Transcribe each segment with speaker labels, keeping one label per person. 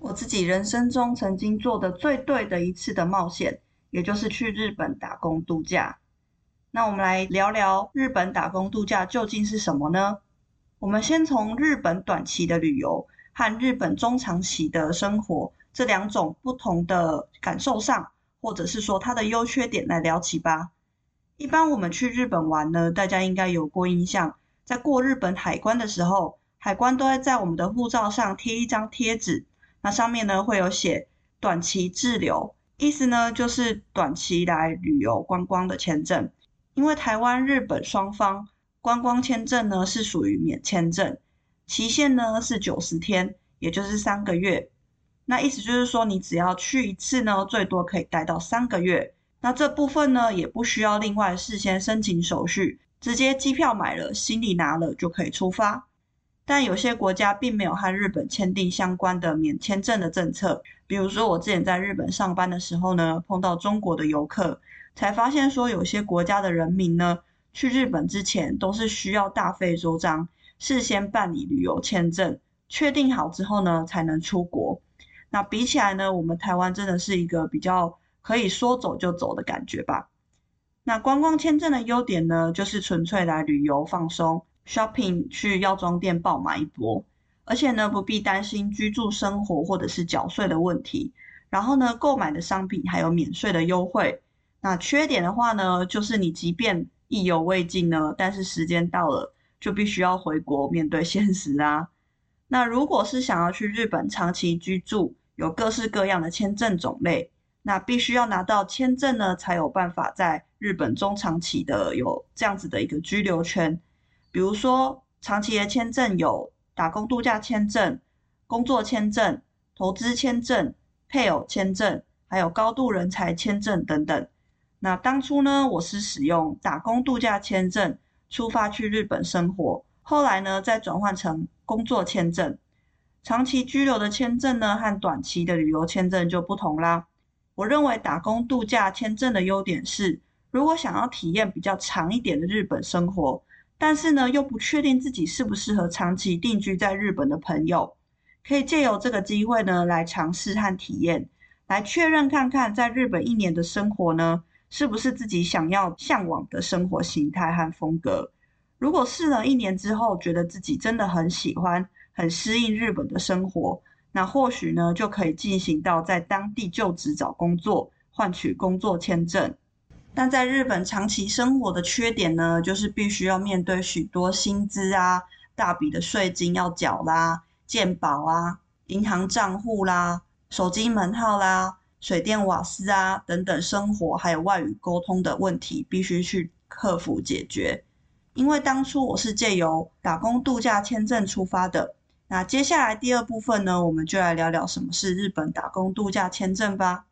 Speaker 1: 我自己人生中曾經做的最對的一次的冒險，也就是去日本打工度假。那我們來聊聊日本打工度假究竟是什麼呢？我們先從日本短期的旅遊和日本中長期的生活這兩種不同的感受上，或者是說它的優缺點來聊起吧。一般我們去日本玩呢，大家應該有過印象，在過日本海關的時候，海關都會在在我們的護照上貼一張貼紙。那上面呢會有寫短期滯留，意思呢就是短期來旅遊觀光的簽證。因為台灣、日本雙方觀光簽證呢是屬於免簽證，期限呢是九十天，也就是三個月。那意思就是說，你只要去一次呢，最多可以待到三個月。那這部分呢也不需要另外事先申請手續，直接機票買了，行李拿了就可以出發。但有些國家並沒有和日本簽訂相關的免簽證的政策，比如說我之前在日本上班的時候呢，碰到中國的遊客，才發現說有些國家的人民呢，去日本之前都是需要大費周章，事先辦理旅遊簽證，確定好之後呢，才能出國。那比起來呢，我們台灣真的是一個比較可以說走就走的感覺吧。那觀光簽證的優點呢，就是純粹來旅遊放鬆。shopping 去藥妝店爆買一波，而且呢，不必擔心居住生活或者是繳稅的問題。然後呢，購買的商品還有免稅的優惠。那缺點的話呢，就是你即便意猶未盡呢，但是時間到了，就必須要回國面對現實啊。那如果是想要去日本長期居住，有各式各樣的簽證種類，那必須要拿到簽證呢，才有辦法在日本中長期的有這樣子的一個居留權。比如說，長期的簽證有打工度假簽證、工作簽證、投資簽證、配偶簽證，還有高度人才簽證等等。那當初呢，我是使用打工度假簽證出發去日本生活，後來呢再轉換成工作簽證。長期居留的簽證呢和短期的旅遊簽證就不同啦。我認為打工度假簽證的優點是，如果想要體驗比較長一點的日本生活。但是呢，又不確定自己適不適合長期定居在日本的朋友，可以借由這個機會呢，來嘗試和體驗，來確認看看在日本一年的生活呢，是不是自己想要向往的生活形態和風格。如果試了一年之後，覺得自己真的很喜歡，很適應日本的生活，那或許呢，就可以進行到在當地就職找工作，換取工作簽證。但在日本長期生活的缺點呢，就是必須要面對許多薪資啊、大筆的稅金要繳啦、健保啊、銀行賬戶啦、手機門號啦、水電瓦斯啊等等生活還有外語溝通的問題，必須去克服解決。因為當初我是借由打工度假簽證出發的，那接下來第二部分呢，我們就來聊聊什麼是日本打工度假簽證吧。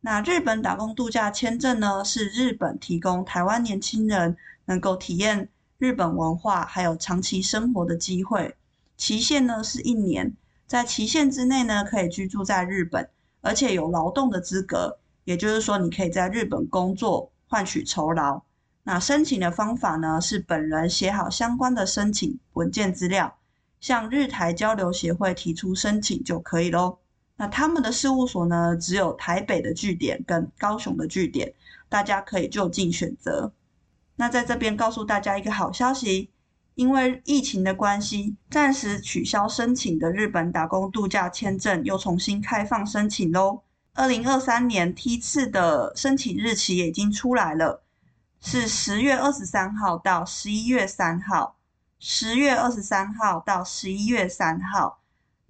Speaker 1: 那日本打工度假簽證呢，是日本提供台灣年輕人能夠體驗日本文化，還有長期生活的機會。期限呢是一年，在期限之內呢可以居住在日本，而且有勞動的資格，也就是說你可以在日本工作換取酬勞。那申請的方法呢是本人寫好相關的申請文件資料，向日台交流協會提出申請就可以嘍。那他們的事務所呢，只有台北的據點跟高雄的據點，大家可以就近選擇。那在這邊告訴大家一個好消息，因為疫情的關係，暫時取消申請的日本打工度假簽證又重新開放申請嘍。二零二三年梯次的申請日期也已經出來了，是十月二十三號到十一月三號。十月二十三號到十一月三號。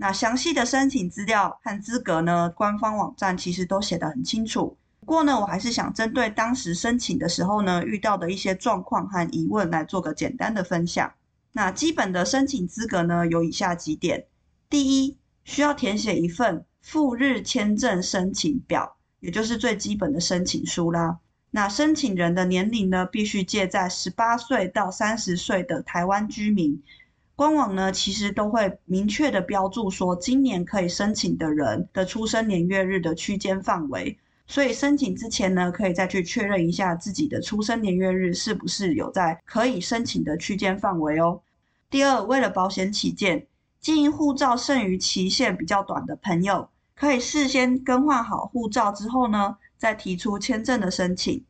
Speaker 1: 那詳細的申請資料和資格呢？官方網站其實都寫得很清楚。不過呢，我還是想針對當時申請的時候呢，遇到的一些狀況和疑問來做個簡單的分享。那基本的申請資格呢，有以下幾點：第一，需要填寫一份赴日簽證申請表，也就是最基本的申請書啦。那申請人的年齡呢，必須介在十八歲到三十歲的台灣居民。官網呢，其實都會明確的標註說，今年可以申請的人的出生年月日的區間範圍。所以申請之前呢，可以再去確認一下自己的出生年月日是不是有在可以申請的區間範圍哦。第二，為了保險起見，經營護照剩餘期限比較短的朋友，可以事先更換好護照之後呢，再提出簽證的申請。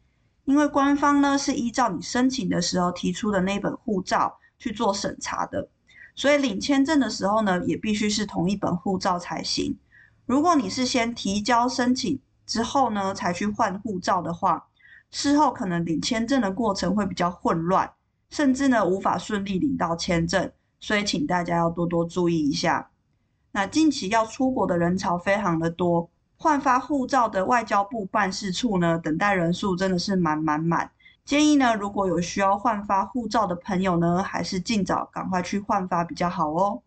Speaker 1: 因為官方呢是依照你申請的時候提出的那本護照去做審查的。所以領簽證的時候呢，也必須是同一本護照才行。如果你是先提交申請之後呢，才去換護照的話，事後可能領簽證的過程會比較混亂，甚至呢無法順利領到簽證。所以請大家要多多注意一下。那近期要出國的人潮非常的多，換發護照的外交部辦事處呢，等待人數真的是滿滿滿。建議呢，如果有需要換發護照的朋友呢，還是儘早趕快去換發比較好哦。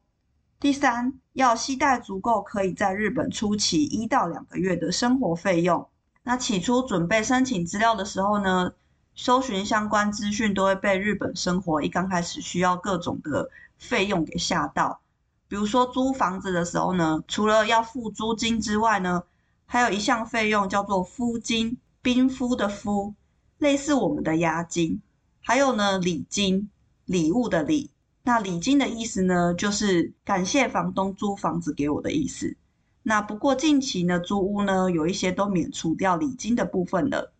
Speaker 1: 第三，要攜帶足夠可以在日本初期一到兩個月的生活費用。那起初準備申請資料的時候呢，搜尋相關資訊都會被日本生活一剛開始需要各種的費用給嚇到。比如說租房子的時候呢，除了要付租金之外呢，還有一項費用叫做“敷金”，冰敷的敷，類似我們的押金，還有呢，禮金，禮物的禮。那禮金的意思呢，就是感謝房東租房子給我的意思。那不過近期呢，租屋呢有一些都免除掉禮金的部分了。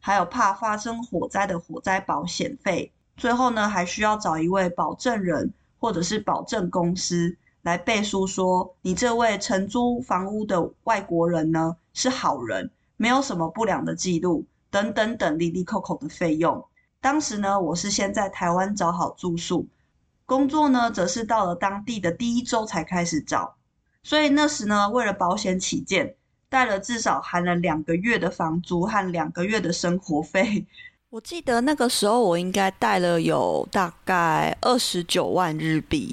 Speaker 1: 還有怕發生火災的火災保險費。最後呢，還需要找一位保證人或者是保證公司來背書說，說你這位承租房屋的外國人呢是好人，沒有什麼不良的記錄。等等等，哩哩扣扣的費用。當時呢，我是先在台灣找好住宿，工作呢，則是到了當地的第一周才開始找。所以那時呢，為了保險起見，帶了至少含了兩個月的房租和兩個月的生活費。我記得那個時候，我應該帶了有大概二十九萬日幣。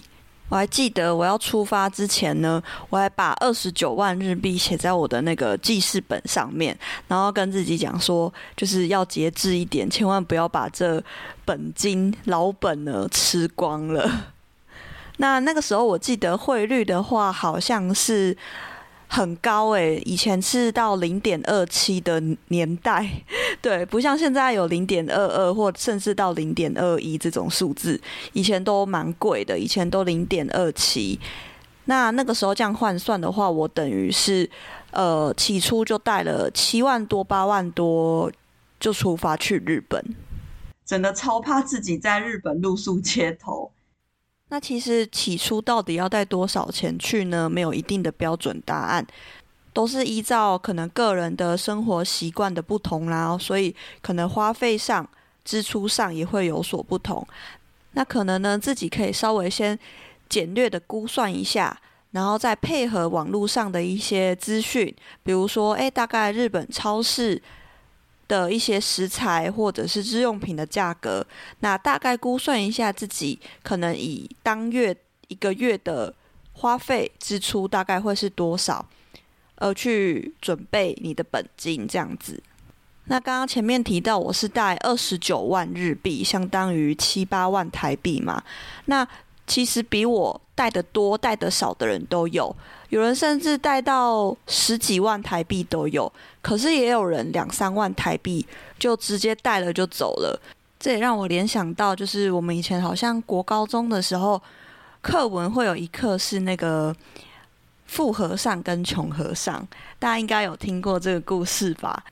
Speaker 1: 我還記得我要出發之前呢，我還把二十九萬日幣寫在我的那個記事本上面，然後跟自己講說，就是要節制一點，千萬不要把這本金老本呢吃光了。那那個時候我記得匯率的話，好像是。很高誒、欸，以前是到零點二七的年代，對，不像現在有零點二二或甚至到零點二一這種數字。以前都蠻貴的，以前都零點二七。那那個時候這樣換算的話，我等於是呃起初就帶了七萬多八萬多就出發去日本，真的超怕自己在日本露宿街頭。那其實起初到底要帶多少錢去呢？沒有一定的標準答案，都是依照可能個人的生活習慣的不同啦，所以可能花費上、支出上也會有所不同。那可能呢，自己可以稍微先簡略的估算一下，然後再配合網絡上的一些資訊，比如說，誒、欸，大概日本超市。的一些食材或者是日用品的價格，那大概估算一下自己可能以當月一個月的花費支出大概會是多少，呃，去準備你的本金這樣子。那剛剛前面提到我是帶二十九萬日幣，相當於七八萬台幣嘛，那。其實比我帶的多，帶的少的人都有，有人甚至帶到十幾萬台幣都有，可是也有人兩三萬台幣就直接帶了就走了。這也讓我聯想到，就是我們以前好像國高中的時候，課文會有一課是那個富和尚跟窮和尚，大家應該有聽過這個故事吧？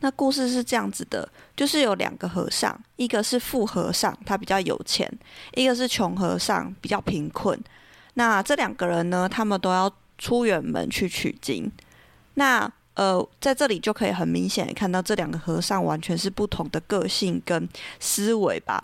Speaker 1: 那故事是這樣子的，就是有兩個和尚，一個是富和尚，他比較有錢；一個是窮和尚，比較貧困。那這兩個人呢，他們都要出遠門去取經。那呃，在這裡就可以很明顯看到這兩個和尚完全是不同的個性跟思維吧。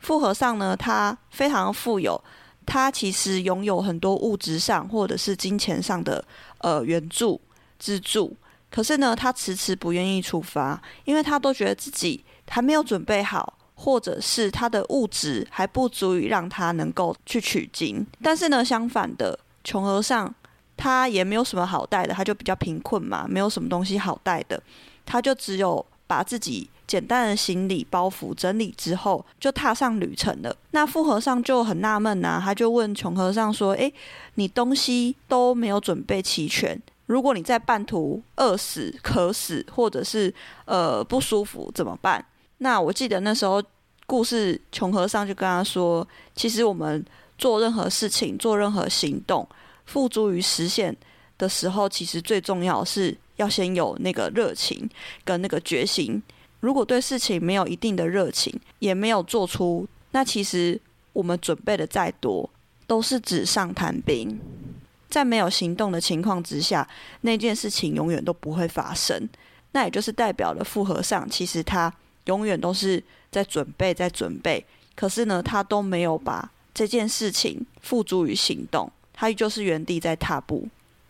Speaker 1: 富和尚呢，他非常富有，他其實擁有很多物質上或者是金錢上的呃援助資助。可是呢，他遲遲不願意出發，因為他都覺得自己還沒有準備好，或者是他的物質還不足以讓他能夠去取經。但是呢，相反的，窮和尚他也沒有什麼好帶的，他就比較貧困嘛，沒有什麼東西好帶的，他就只有把自己簡單的行李包袱整理之後，就踏上旅程了。那富和尚就很納悶吶、啊，他就問窮和尚說：“誒，你東西都沒有準備齊全。”如果你在半途餓死，渴死，或者是呃不舒服，怎麼辦？那我記得那時候，故事窮和尚就跟他說：“其實我們做任何事情，做任何行動，付諸於實現的時候，其實最重要是要先有那個熱情跟那個決心。如果對事情沒有一定的熱情，也沒有做出，那其實我們準備的再多，都是紙上談兵。”在沒有行動的情況之下，那件事情永遠都不會發生。那也就是代表了富和尚，其實他永遠都是在準備，在準備。可是呢，他都沒有把這件事情付諸於行動，他就是原地在踏步。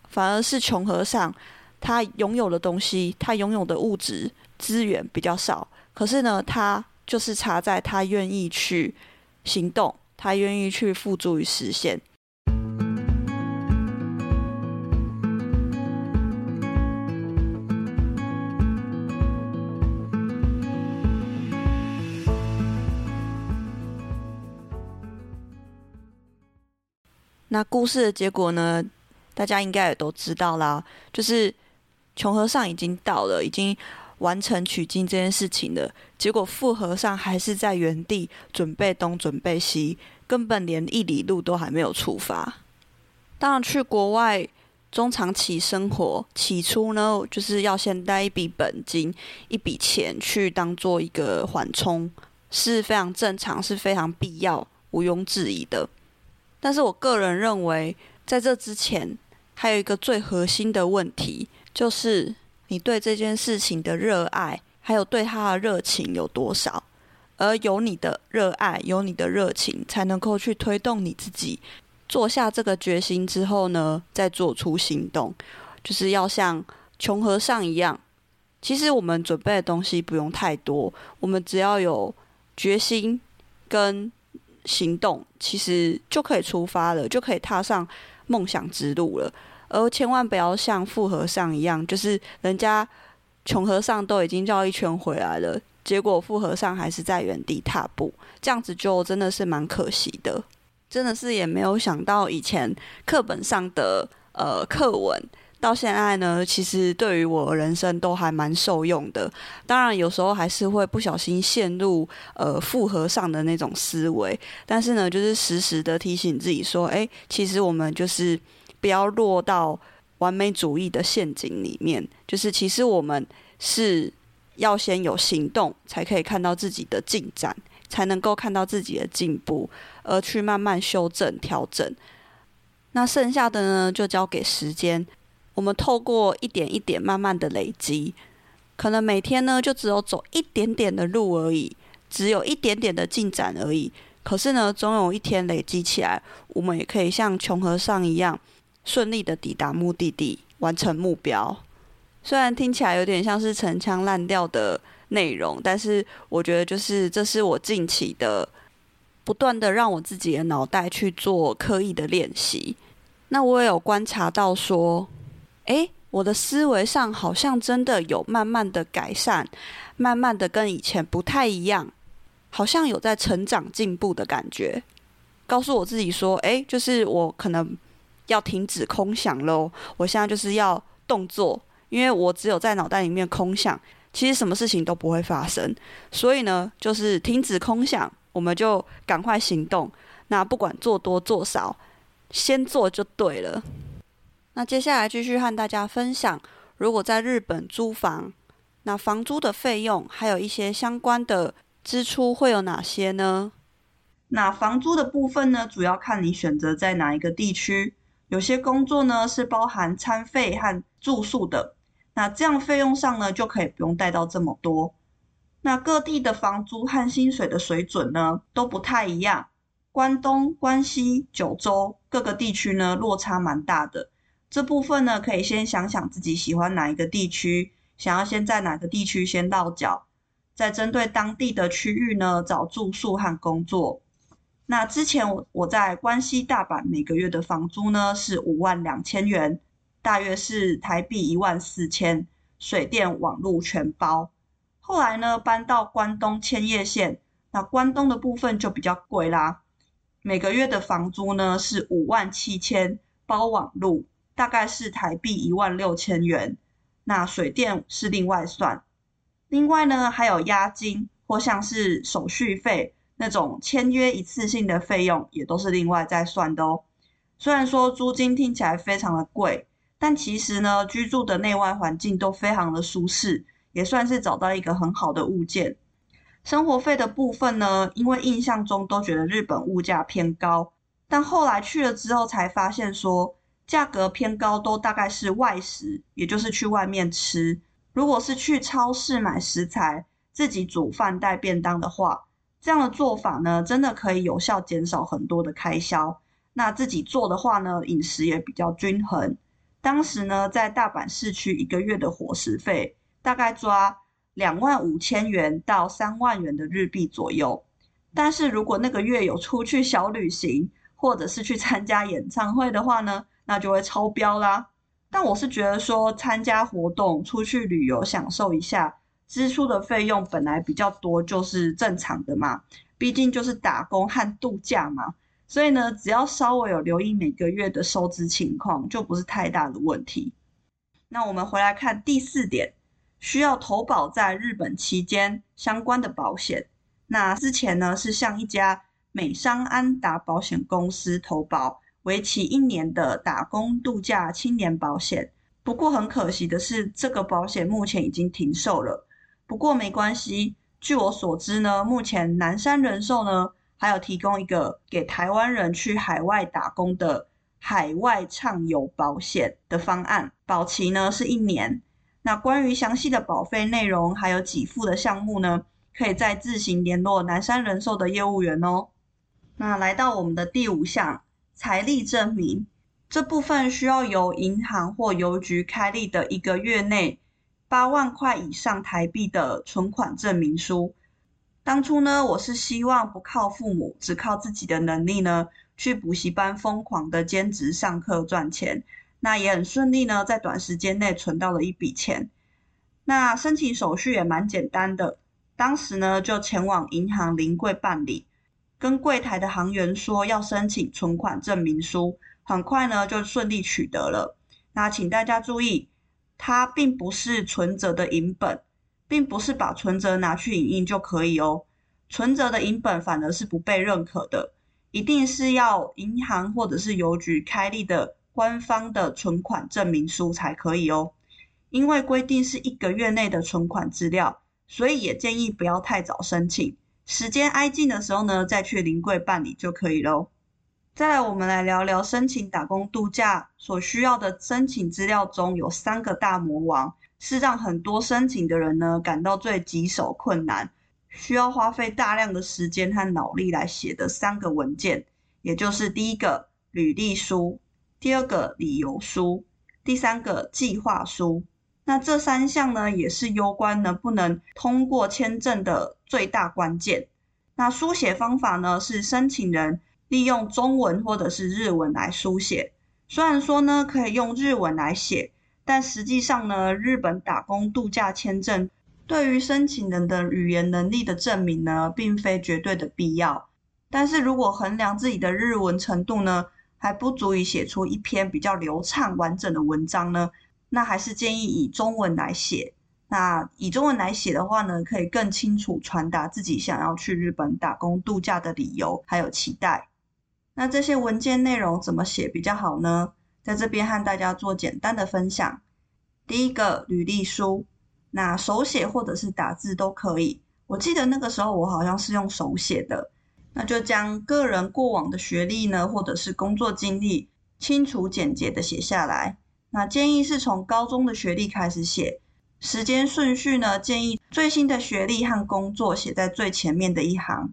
Speaker 1: 反而是窮和尚，他擁有的東西，他擁有的物質資源比較少。可是呢，他就是差在他願意去行動，他願意去付諸於實現。那故事的結果呢？大家應該也都知道啦，就是窮和尚已經到了，已經完成取經這件事情了。結果富和尚還是在原地準備東準備西，根本連一里路都還沒有出發。當然，去國外中長期生活，起初呢，就是要先帶一筆本金、一筆錢去當做一個緩衝，是非常正常、是非常必要、毋庸置疑的。但是我個人認為，在這之前，還有一個最核心的問題，就是你對這件事情的熱愛，還有對它的熱情有多少？而有你的熱愛，有你的熱情，才能夠去推動你自己做下這個決心之後呢，再做出行動。就是要像窮和尚一樣，其實我們準備的東西不用太多，我們只要有決心跟。行動其實就可以出發了，就可以踏上夢想之路了。而千萬不要像富和尚一樣，就是人家窮和尚都已經繞一圈回來了，結果富和尚還是在原地踏步，這樣子就真的是蠻可惜的。真的是也沒有想到以前課本上的呃課文。到現在呢，其實對於我人生都還蠻受用的。當然，有時候還是會不小心陷入呃複合上的那種思維。但是呢，就是時時的提醒自己說：“誒、欸，其實我們就是不要落到完美主義的陷阱裡面。就是其實我們是要先有行動，才可以看到自己的進展，才能夠看到自己的進步，而去慢慢修正調整。那剩下的呢，就交給時間。”我們透過一點一點慢慢的累積，可能每天呢就只有走一點點的路而已，只有一點點的進展而已。可是呢，總有一天累積起來，我們也可以像窮和尚一樣順利的抵達目的地，完成目標。雖然聽起來有點像是陳腔濫調的內容，但是我覺得就是這是我近期的不斷的讓我自己的腦袋去做刻意的練習。那我也有觀察到說。哎，我的思維上好像真的有慢慢的改善，慢慢的跟以前不太一樣，好像有在成長進步的感覺。告訴我自己說，哎，就是我可能要停止空想嘍。我現在就是要動作，因為我只有在腦袋裡面空想，其實什麼事情都不會發生。所以呢，就是停止空想，我們就趕快行動。那不管做多做少，先做就對了。那接下來繼續和大家分享，如果在日本租房，那房租的費用還有一些相關的支出會有哪些呢？那房租的部分呢，主要看你選擇在哪一個地區。有些工作呢是包含餐費和住宿的，那這樣費用上呢就可以不用帶到這麼多。那各地的房租和薪水的水準呢都不太一樣，關東、關西、九州各個地區呢落差蠻大的。這部分呢，可以先想想自己喜歡哪一個地區，想要先在哪個地區先落腳，再針對當地的區域呢找住宿和工作。那之前我我在關西大阪每個月的房租呢是五萬兩千元，大約是台幣一萬四千，水電網路全包。後來呢搬到關東千葉縣，那關東的部分就比較貴啦，每個月的房租呢是五萬七千，包網路。大概是台幣一萬六千元，那水電是另外算。另外呢，還有押金或像是手續費那種簽約一次性的費用，也都是另外再算的哦。雖然說租金聽起來非常的貴，但其實呢，居住的內外環境都非常的舒適，也算是找到一個很好的物件。生活費的部分呢，因為印象中都覺得日本物價偏高，但後來去了之後才發現說，價格偏高，都大概是外食，也就是去外面吃。如果是去超市買食材，自己煮飯帶便當的話，這樣的做法呢，真的可以有效減少很多的開銷。那自己做的話呢，飲食也比較均衡。當時呢，在大阪市區一個月的伙食費大概抓兩萬五千元到三萬元的日幣左右。但是如果那個月有出去小旅行，或者是去參加演唱會的話呢，那就會超標啦，但我是覺得說參加活動、出去旅遊、享受一下，支出的費用本來比較多，就是正常的嘛，畢竟就是打工和度假嘛，所以呢，只要稍微有留意每個月的收支情況，就不是太大的問題。那我們回來看第四點，需要投保在日本期間相關的保險。那之前呢是向一家美商安達保險公司投保。為期一年的打工度假青年保險，不過很可惜的是，這個保險目前已經停售了。不過沒關係，據我所知呢，目前南山人壽呢還有提供一個給台灣人去海外打工的海外暢遊保險的方案，保期呢是一年。那關於詳細的保費內容還有給付的項目呢，可以再自行聯絡南山人壽的業務員哦。那來到我們的第五項。財力證明這部分需要由銀行或郵局開立的一個月內八萬塊以上台幣的存款證明書。當初呢，我是希望不靠父母，只靠自己的能力呢，去補習班瘋狂的兼職上課賺錢。那也很順利呢，在短時間內存到了一筆錢。那申請手續也蠻簡單的，當時呢就前往銀行臨櫃辦理。跟櫃台的行員說要申請存款證明書，很快呢就順利取得了。那請大家注意，它並不是存折的影本，並不是把存折拿去影印就可以哦。存折的影本反而是不被認可的，一定是要銀行或者是郵局開立的官方的存款證明書才可以哦。因為規定是一個月內的存款資料，所以也建議不要太早申請。時間挨近的時候呢，再去臨櫃辦理就可以咯。再來，我們來聊聊申請打工度假所需要的申請資料中，有三個大魔王，是讓很多申請的人呢感到最棘手、困難，需要花費大量的時間和腦力來寫的三個文件，也就是第一個履歷書，第二個理由書，第三個計劃書。那這三項呢，也是攸關能不能通過簽證的最大關鍵。那書寫方法呢，是申請人利用中文或者是日文來書寫。雖然說呢，可以用日文來寫，但實際上呢，日本打工度假簽證對於申請人的語言能力的證明呢，並非絕對的必要。但是如果衡量自己的日文程度呢，還不足以寫出一篇比較流暢完整的文章呢。那還是建議以中文來寫。那以中文來寫的話呢，可以更清楚傳達自己想要去日本打工度假的理由還有期待。那這些文件內容怎麼寫比較好呢？在這邊和大家做簡單的分享。第一個，履歷書，那手寫或者是打字都可以。我記得那個時候我好像是用手寫的，那就將個人過往的學歷呢，或者是工作經歷，清楚簡潔的寫下來。那建議是從高中的學歷開始寫，時間順序呢，建議最新的學歷和工作寫在最前面的一行。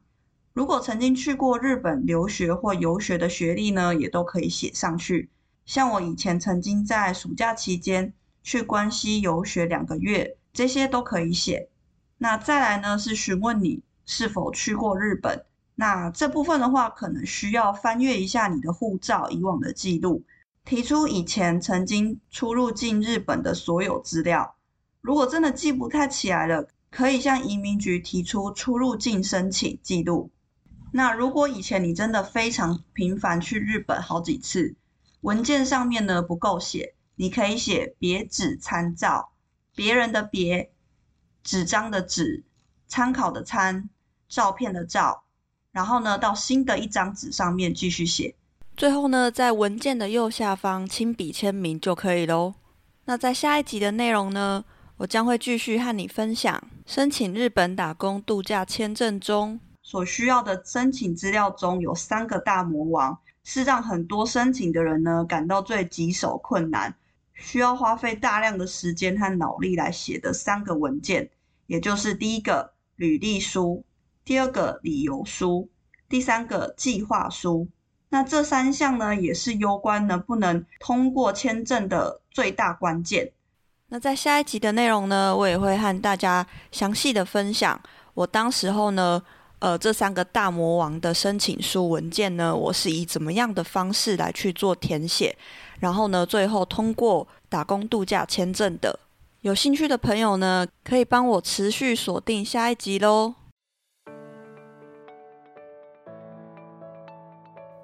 Speaker 1: 如果曾經去過日本留學或遊學的學歷呢，也都可以寫上去。像我以前曾經在暑假期間去關西遊學兩個月，這些都可以寫。那再來呢，是詢問你是否去過日本。那這部分的話，可能需要翻閱一下你的護照以往的記錄。提出以前曾經出入境日本的所有資料，如果真的記不太起來了，可以向移民局提出出入境申請記錄。那如果以前你真的非常頻繁去日本好幾次，文件上面呢不夠寫，你可以寫別紙參照，別人的別，紙張的紙，參考的參，照片的照，然後呢到新的一張紙上面繼續寫。最後呢，在文件的右下方親筆簽名就可以嘍。那在下一集的內容呢，我將會繼續和你分享申請日本打工度假簽證中所需要的申請資料中，有三個大魔王，是讓很多申請的人呢感到最棘手困難，需要花費大量的時間和腦力來寫的三個文件，也就是第一個履歷書，第二個理由書，第三個計劃書。那這三項呢，也是攸關能不能通過簽證的最大關鍵。那在下一集的內容呢，我也會和大家詳細的分享。我當時候呢，呃，這三個大魔王的申請書文件呢，我是以怎麼樣的方式來去做填寫，然後呢，最後通過打工度假簽證的。有興趣的朋友呢，可以幫我持續鎖定下一集嘍。